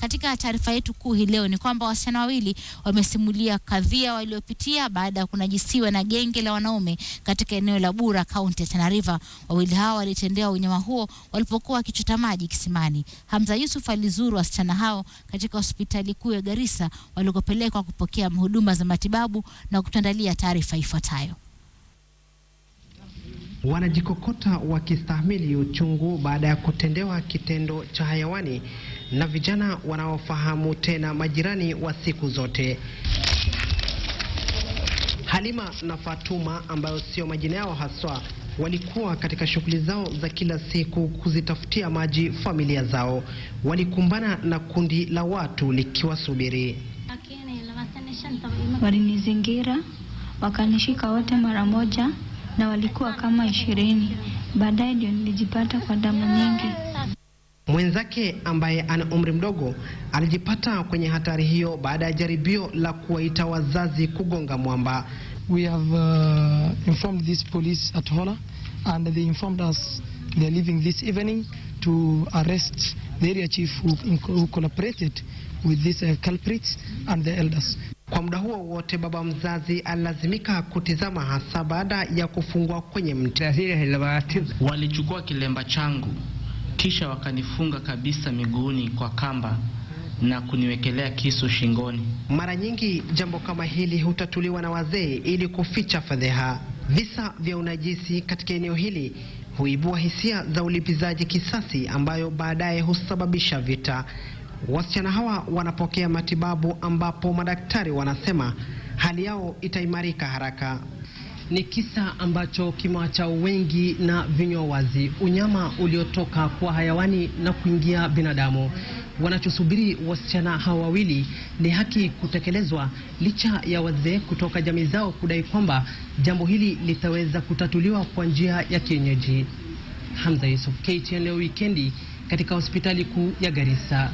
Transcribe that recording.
Katika taarifa yetu kuu hii leo ni kwamba wasichana wawili wamesimulia kadhia waliopitia baada ya kunajisiwa na genge la wanaume katika eneo la Bura, kaunti ya Tana River. Wawili hao walitendewa unyama huo walipokuwa wakichota maji kisimani. Hamza Yusuf alizuru wasichana hao katika hospitali kuu ya Garissa walikopelekwa kupokea huduma za matibabu na kutuandalia taarifa ifuatayo wanajikokota wakistahimili uchungu baada ya kutendewa kitendo cha hayawani na vijana wanaofahamu tena majirani wa siku zote. Halima na Fatuma ambayo sio majina yao haswa walikuwa katika shughuli zao za kila siku kuzitafutia maji familia zao, walikumbana na kundi la watu likiwasubiri. Walinizingira wakanishika wote mara moja na walikuwa kama ishirini. Baadaye ndio nilijipata kwa damu nyingi. Mwenzake ambaye ana umri mdogo alijipata kwenye hatari hiyo baada ya jaribio la kuwaita wazazi kugonga mwamba. We have uh, informed this police at Hola and they informed us they are leaving this evening to arrest the area chief who, who collaborated with these uh, culprits and the elders. Kwa muda huo wote baba mzazi alilazimika kutizama, hasa baada ya kufungwa kwenye mti. Walichukua kilemba changu kisha wakanifunga kabisa miguuni kwa kamba na kuniwekelea kisu shingoni. Mara nyingi jambo kama hili hutatuliwa na wazee ili kuficha fadheha. Visa vya unajisi katika eneo hili huibua hisia za ulipizaji kisasi ambayo baadaye husababisha vita. Wasichana hawa wanapokea matibabu ambapo madaktari wanasema hali yao itaimarika haraka. Ni kisa ambacho kimewacha wengi na vinywa wazi, unyama uliotoka kwa hayawani na kuingia binadamu. Wanachosubiri wasichana hawa wawili ni haki kutekelezwa, licha ya wazee kutoka jamii zao kudai kwamba jambo hili litaweza kutatuliwa kwa njia ya kienyeji. Hamza Yusuf, KTN, leo wikendi katika hospitali kuu ya Garissa.